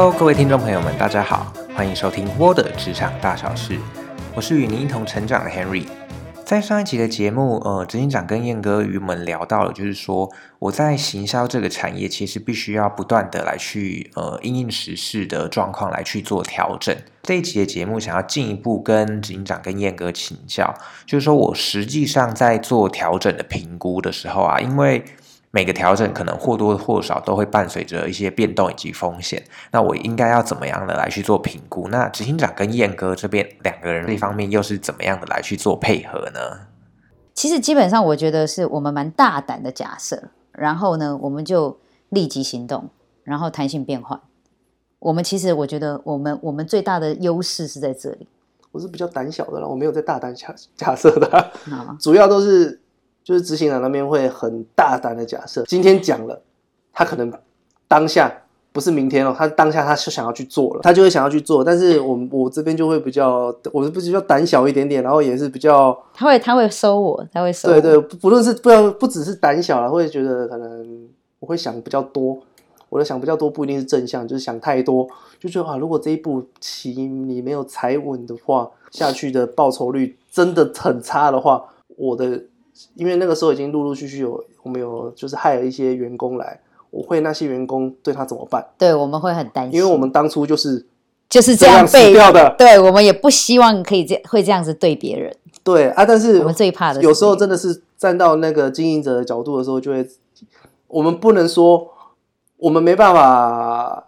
Hello，各位聽眾朋友們，大家好，歡迎收聽《w 的 r d 職場大小事》，我是與您一同成長的 Henry。在上一集的節目，呃，警長跟燕哥與我們聊到了，就是說我在行銷這個產業，其實必須要不斷的來去呃應應實事的狀況來去做調整。這一集的節目想要進一步跟警長跟燕哥請教，就是說我實際上在做調整的評估的時候啊，因為。每個調整可能或多或少都會伴隨着一些變動以及風險，那我應該要怎麼樣的來去做評估？那執行長跟硯哥這邊兩個人這方面又是怎麼樣的來去做配合呢？其實基本上，我覺得是我們蠻大膽的假設，然後呢，我們就立即行動，然後彈性變換。我們其實我覺得，我們我們最大的優勢是在這裡。我是比較膽小的啦，我沒有在大膽假假設的、啊，好主要都是。就是執行長那邊會很大膽的假設，今天講了，他可能當下不是明天哦，他當下他是想要去做了，他就會想要去做。但是我我這邊就會比較，我是不是比較膽小一點點，然後也是比較他會他會收我，他會收對，對對，不論是不要不只是膽小了，會覺得可能我會想比較多，我的想比較多不一定是正向，就是想太多，就覺得啊，如果這一步棋你沒有踩穩的話，下去的報酬率真的很差的話，我的。因為那個時候已經陸陸續續有我們有就是害了一些員工來，我會那些員工對他怎麼辦？對，我們會很擔心，因為我們當初就是就是這樣廢掉的。對，我們也不希望可以這會這樣子對別人。對啊，但是我們最怕的，有時候真的是站到那個經營者的角度的時候，就會我們不能說我們沒辦法，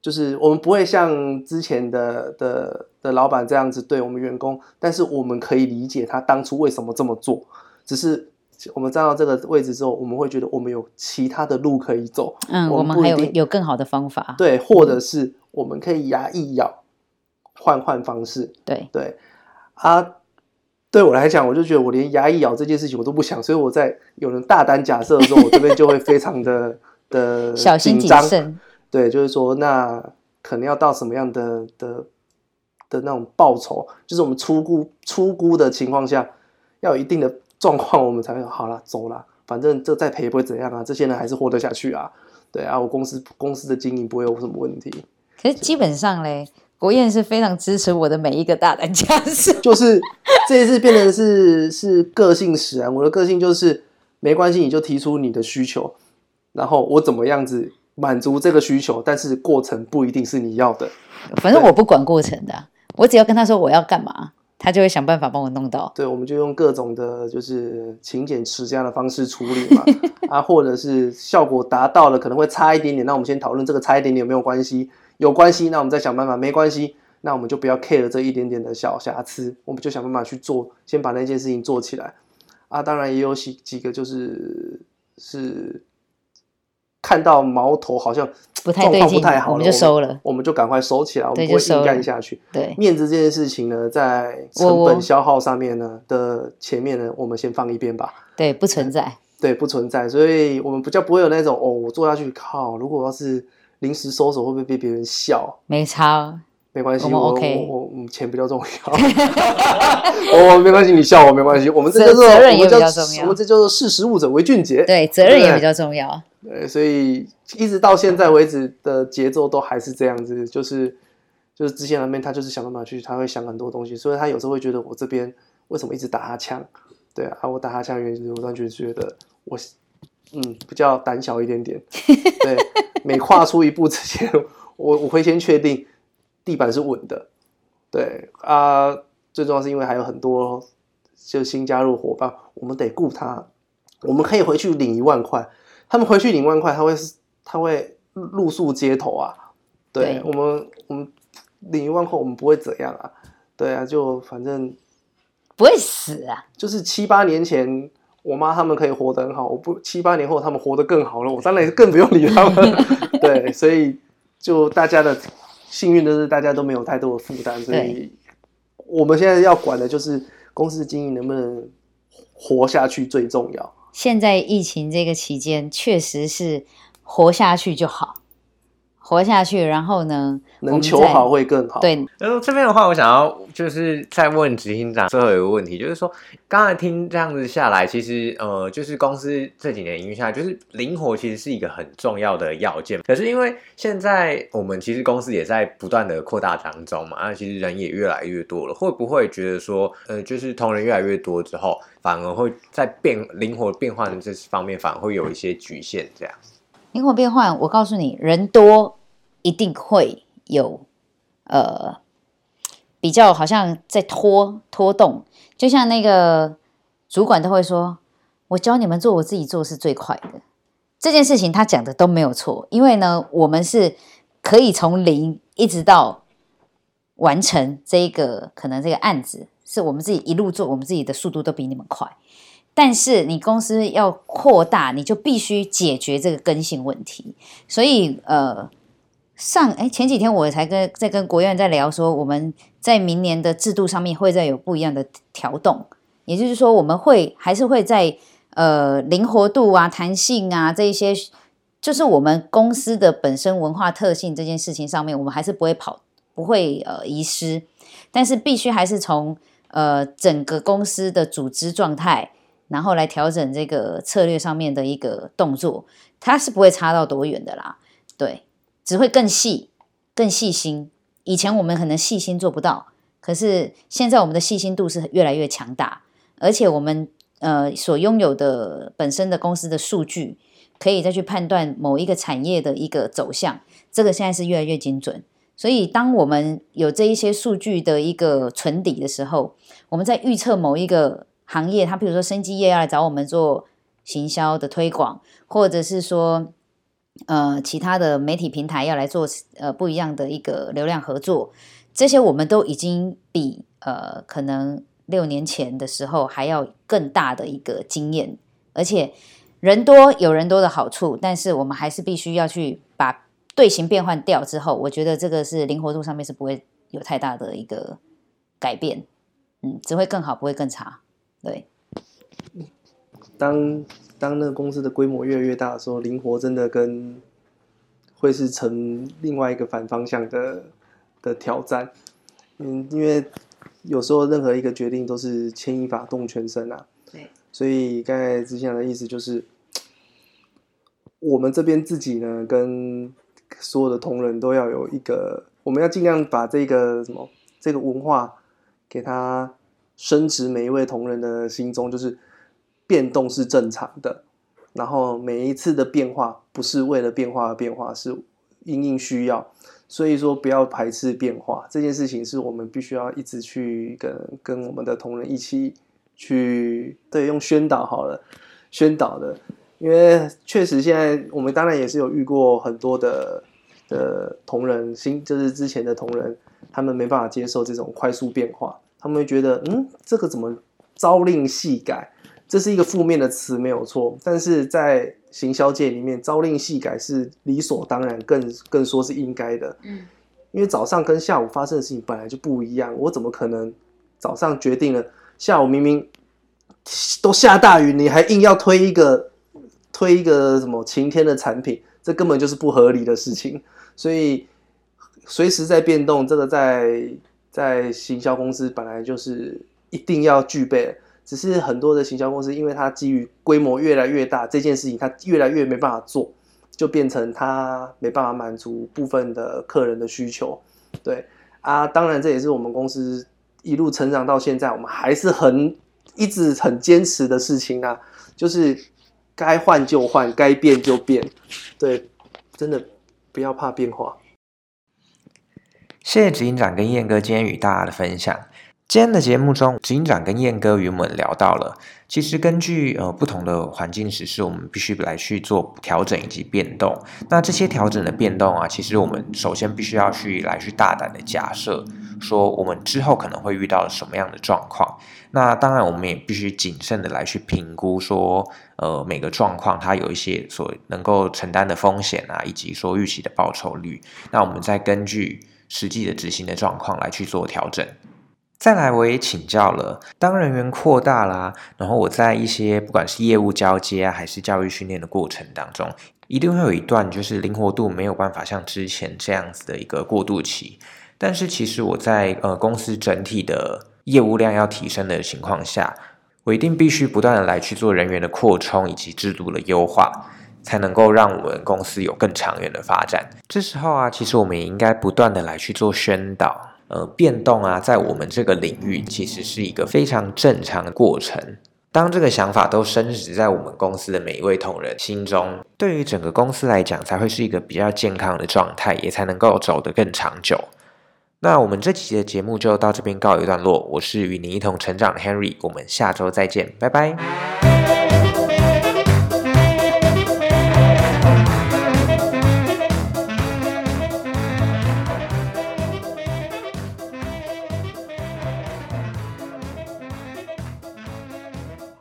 就是我們不會像之前的的的老闆這樣子對我們員工，但是我們可以理解他當初為什麼這麼做。只是我們站到這個位置之後，我們會覺得我們有其他的路可以走。嗯，我們，我們還有有更好的方法。對，或者是我們可以牙一咬，換換方式。對對啊，對我來講，我就覺得我連牙一咬這件事情我都不想，所以我在有人大膽假設的時候，我這邊就會非常的 的小心謹慎。對，就是說那可能要到什麼樣的的的那種報酬，就是我們粗估粗估的情況下要有一定的。狀況我們才會好啦，走啦，反正這再賠不會怎樣啊，這些人還是活得下去啊，對啊，我公司公司的經營不會有什麼問題。可是基本上嘞，以國宴是非常支持我的每一個大膽假設，就是這一次變成是是個性使然，啊，我的個性就是沒關係，你就提出你的需求，然後我怎麼樣子滿足這個需求，但是過程不一定是你要的，反正對我不管過程的，我只要跟他說我要幹嘛。他就會想辦法幫我弄到，對，我們就用各種的，就是勤儉持家的方式處理嘛， 啊，或者是效果達到了，可能會差一點點，那我們先討論這個差一點點有沒有關係？有關係，那我們再想辦法，沒關係，那我們就不要 care 這一點點的小瑕疵，我們就想辦法去做，先把那件事情做起來，啊，當然也有幾幾個就是是看到矛頭好像不太對勁，我們就收了，我們就趕快收起來，我們不會硬幹下去。對，面子這件事情呢，在成本消耗上面呢的前面呢，我們先放一邊吧。對，不存在，對，不存在，所以，我們比較不會有那種哦，我做下去，靠，如果要是臨時收手，會不會被別人笑？沒差，沒關係，我我我錢比較重要，我沒關係，你笑我沒關係，我們這叫做責任也比較重要，我們這叫做識時務者為俊傑，對，責任也比較重要，對，所以。一直到現在為止的節奏都還是這樣子，就是就是之前那邊他就是想辦法去，他會想很多東西，所以他有時候會覺得我這邊為什麼一直打他槍？對啊，我打他槍原因我當然就覺得我嗯比較膽小一點點，對，每跨出一步之前，我我會先確定地板是穩的，對啊，最重要是因為還有很多就新加入夥伴，我們得顧他，我們可以回去領一萬塊，他們回去領一萬塊，他會是。他會露宿街頭啊？對，對我們，我們領一萬塊，後我們不會怎樣啊？對啊，就反正不會死啊。就是七八年前，我媽他們可以活得很好，我不七八年後他們活得更好了，我當然也更不用理他們。 對，所以就大家的幸運的是，大家都沒有太多的負擔， 所以我們現在要管的就是公司經營能不能活下去最重要。現在疫情這個期間，確實是。活下去就好，活下去，然後呢，能求好會更好。對，然後、呃、這邊的話，我想要就是再問執行長最後一個問題，就是說，剛才聽這樣子下來，其實呃，就是公司這幾年營運下來，就是靈活其實是一個很重要的要件。可是因為現在我們其實公司也在不斷的擴大當中嘛，那、啊、其實人也越來越多了，會不會覺得說，呃，就是同仁越來越多之後，反而會在變靈活、變化的這方面，反而會有一些局限這樣？靈活變換，我告訴你，人多一定會有，呃，比較好像在拖拖動，就像那個主管都會說，我教你們做，我自己做是最快的。這件事情他講的都沒有錯，因為呢，我們是可以從零一直到完成這一個可能這個案子，是我們自己一路做，我們自己的速度都比你們快。但是你公司要擴大，你就必須解決這個更新問題。所以，呃，上哎、欸、前幾天我才跟在跟國院在聊說，說我們在明年的制度上面會再有不一樣的調動，也就是說，我們會還是會在呃靈活度啊、彈性啊這一些，就是我們公司的本身文化特性這件事情上面，我們還是不會跑，不會呃遺失，但是必須還是從呃整個公司的組織狀態。然後來調整這個策略上面的一個動作，它是不會差到多遠的啦，對，只會更細、更細心。以前我們可能細心做不到，可是現在我們的細心度是越來越強大，而且我們呃所擁有的本身的公司的數據，可以再去判斷某一個產業的一個走向，這個現在是越來越精準。所以當我們有這一些數據的一個存底的時候，我們在預測某一個。行業，他比如說生技業，要來找我們做行銷的推廣，或者是說，呃，其他的媒體平台要來做呃不一樣的一個流量合作，這些我們都已經比呃可能六年前的時候還要更大的一個經驗，而且人多有人多的好處，但是我們還是必須要去把隊形變換掉之後，我覺得這個是靈活度上面是不會有太大的一個改變，嗯，只會更好，不會更差。對，當當那個公司的規模越來越大的時候，靈活真的跟會是成另外一個反方向的的挑戰。嗯，因為有時候任何一個決定都是牽一髮動全身啊。對，所以該之前的意思就是，我們這邊自己呢，跟所有的同仁都要有一個，我們要儘量把這個什麼這個文化給他。深知，每一位同仁的心中就是變動是正常的，然後每一次的變化不是為了變化而變化，是因應需要，所以說不要排斥變化這件事情，是我們必須要一直去跟跟我們的同仁一起去對用宣導好了，宣導的，因為確實現在我們當然也是有遇過很多的的同仁，心，就是之前的同仁，他們沒辦法接受這種快速變化。他們會覺得，嗯，這個怎麼朝令夕改？這是一個負面的詞，沒有錯。但是在行銷界裡面，朝令夕改是理所當然，更更說是應該的。嗯，因為早上跟下午發生的事情本來就不一樣，我怎麼可能早上決定了，下午明明都下大雨，你還硬要推一個推一個什麼晴天的產品？這根本就是不合理的事情。所以隨時在變動，這個在。在行銷公司本來就是一定要具備，只是很多的行銷公司，因為它基於規模越來越大這件事情，它越來越沒辦法做，就變成它沒辦法滿足部分的客人的需求。對啊，當然這也是我們公司一路成長到現在，我們還是很一直很堅持的事情啊，就是該換就換，該變就變，對，真的不要怕變化。謝謝執行長跟硯哥今天與大家的分享。今天的節目中，執行長跟硯哥與我們聊到了，其實根據呃不同的環境、時事，我們必須來去做調整以及變動。那這些調整的變動啊，其實我們首先必須要去來去大膽的假設，說我們之後可能會遇到什麼樣的狀況。那當然，我們也必須謹慎的來去評估說，說呃每個狀況它有一些所能夠承擔的風險啊，以及所預期的報酬率。那我們再根據。實際的執行的狀況來去做調整。再來，我也請教了，當人員擴大啦啊，然後我在一些不管是業務交接啊，還是教育訓練的過程當中，一定會有一段就是靈活度沒有辦法像之前這樣子的一個過渡期。但是其實我在呃公司整體的業務量要提升的情況下，我一定必須不斷的來去做人員的擴充以及制度的優化。才能夠讓我們公司有更長遠的發展。這時候啊，其實我們也應該不斷地來去做宣導，呃，變動啊，在我們這個領域其實是一個非常正常的過程。當這個想法都深植在我們公司的每一位同仁心中，對於整個公司來講才會是一個比較健康的狀態，也才能夠走得更長久。那我們這期的節目就到這邊告一段落，我是與你一同成長的 Henry，我們下週再見，拜拜。